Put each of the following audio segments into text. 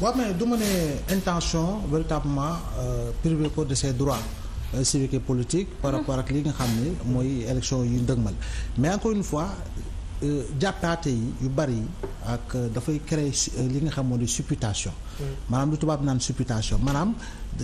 waa mais du ma ne intention véritablement euh, privé ko de ses droits euh, civiques et politiques par mhm. rapport ak li nga xam ne mooy élection yu ndëgmal mais encore une fois euh, jàppaate yi yu bari yi ak euh, dafay créer euh, li nga xam moo di supputation mm. maanaam lu tubaab naan supputation maanaam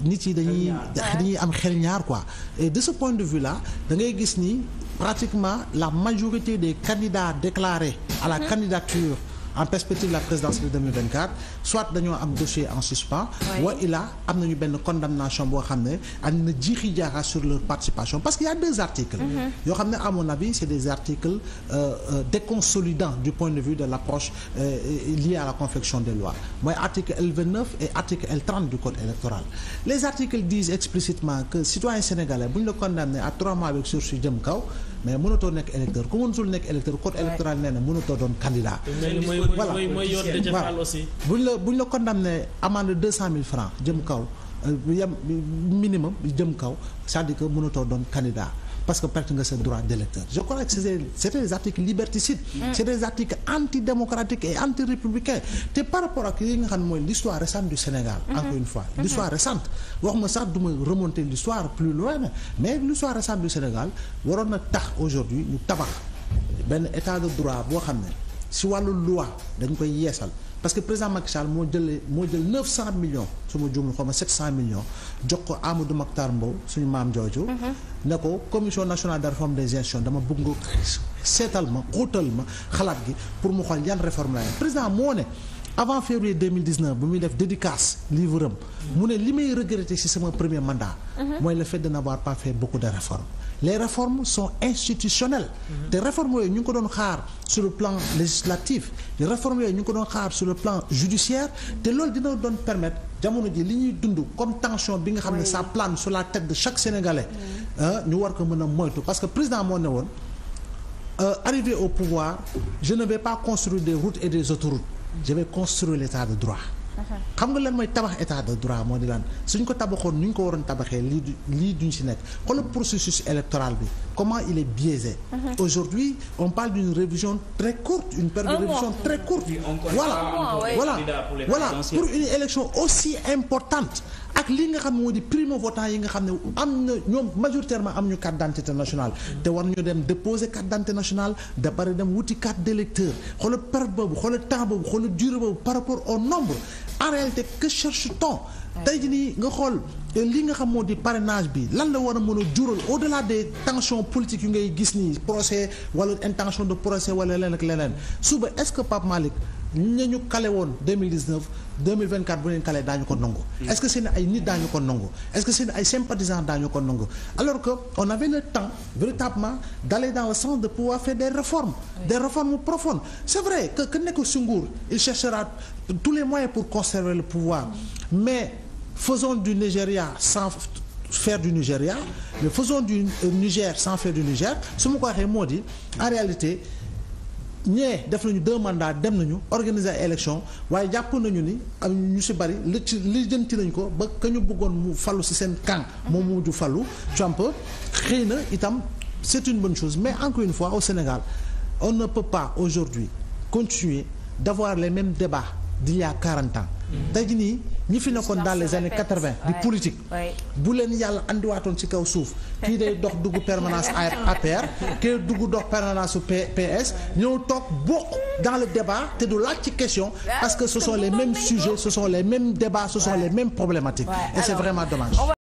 nit yi dañuy dañuy am xel ñaar quoi de ce point de vue là da ngay gis ni pratiquement la majorité des candidats déclarés à la mhm. candidature en perspective la présidence de 2024 soit dañoo am dossier en suspens wa ila am nañu benn condamnation boo xam ne am na jiixi jaaxa sur leur participation parce qu'il y a deux articles mm-hmm. yoo xam ne amoon mon avis c'est des articles euh, euh, déconsolidants du point de vue de l'approche euh, liée à la confection des lois mooy article L29 et article L30 du code électoral les articles disent explicitement que citoyen sénégalais bu ñu la condamné kaw mais mënatoo nekk électeur ku mënatul nekk électeur code électoral nee na mënatoo doon candidat. voilà bu ñu la bu ñu la condamné amende deux cent mille francs jëm kaw euh, yam minimum jëm kaw cest à mënatoo doon candidat. parce que perte nga sa droit d'électeur je crois que c'est c'était des articles liberticides mm. c'est des articles antidémocratiques et antirépublicains te par rapport ak yi nga xam ne mooy l'histoire récente du Sénégal mm-hmm. encore une fois mm-hmm. l'histoire récente wax ma sax duma remonter l'histoire plus loin mais l'histoire récente du Sénégal waroon na tax aujourd'hui ñu tabax benn état de droit boo xam ne si wàllu loi dañ koy yeesal parce que président Macky Sall moo jëlee moo jël neuf cent millions su ma juumul xaw ma sept cent millions jox ko Amadou Makhtar Mbow suñu maam jooju. Mhm. ne ko commission nationale de réforme des gestions dama bëgg nga seetal ma xóotal ma xalaat gi pour mu xool yan réforme la président moo ne. avant février 2019 bu muy def dédicace livre am mu ne li may regretter ci sama premier mandat mhm. mooy le fait de n'avoir par fait beaucoup de réformes les réformes sont institutionnelles te réformes yooyu ñu ngi ko doon xaar sur le plan législatif les réformes yooyu ñu ko doon xaar sur le plan judiciaire te loolu dina doon permettre jamono ji li ñuy dund comme tension bi nga xam ne sa plane sur la tête de chaque Sénégalais ñu war ko mën a moytu parce que président moo ne woon euh, arrivé au pouvoir je ne vais pas construire des routes et des autoroutes je vais construire l' état de droit. Uh-huh. xam nga lan mooy tabax état de droit moo di lan suñ ko tabaxoon ni ñu ko waroon tabaxee lii du lii duñ si nekk xoolal processus électoral bi comment il est biaisé. Uh-huh. aujourd'hui on parle d'une révision très courte une période de révision très courte. voilà voilà voilà pour une élection aussi importante. ak li nga xam moo di primo votant yi nga xam ne am na ñoom majoritairement am ñu carte d'identité nationale te war ñu dem déposer carte d'identité nationale da pare dem wuti carte d'électeur xoola période boobu xoola temps boobu xoola durée boobu par rapport au nombre en réalité que cherche t tey ji nii nga xool li nga xam moo di parenage bi lan la war a mën a jural au delà des tensions politiques yu ngay gis nii procès wala intention de procès wala leneen ak leneen suba est-ce que Pape Malick ñi ñu kale woon 2019 2024 bu leen kale daañu ko nangu. Mm. est-ce que seen ay nit daañu ko nangu est-ce que seen ay sympathisants daañu ko nangu alors que on avait le temps véritablement d'aller dans le sens de pouvoir faire des réformes. des réformes profondes c'est vrai que faisons du Nigeria sans faire du Nigeria mais faisons du euh, Niger sans faire du Niger su ma ko waxee moo di en réalité ñee def nañu deux dem nañu organiser ay élection waaye jàpp nañu ni am ñu si bari li ci jënti nañ ko ba ka ñu buggoon mu fallu si seen camp moom mu mujj fallu Trump xëy na itam c'est une bonne chose mais encore une fois au Sénégal on ne peut pas aujourd'hui continuer d'avoir les mêmes débats d'il y ans. daji mm-hmm. nii ñi fi nekkoon dans les années 80 di politique. bu leen yàlla indiwaatoon ci kaw suuf. kii day dox duggu permanence APR. kii dugg dox permanence su PS. ñëw toog boo dans le débat te du laaj ci question. parce que ce sont les mêmes sujets ce sont les mêmes débats ce sont les et c'est vraiment dommage.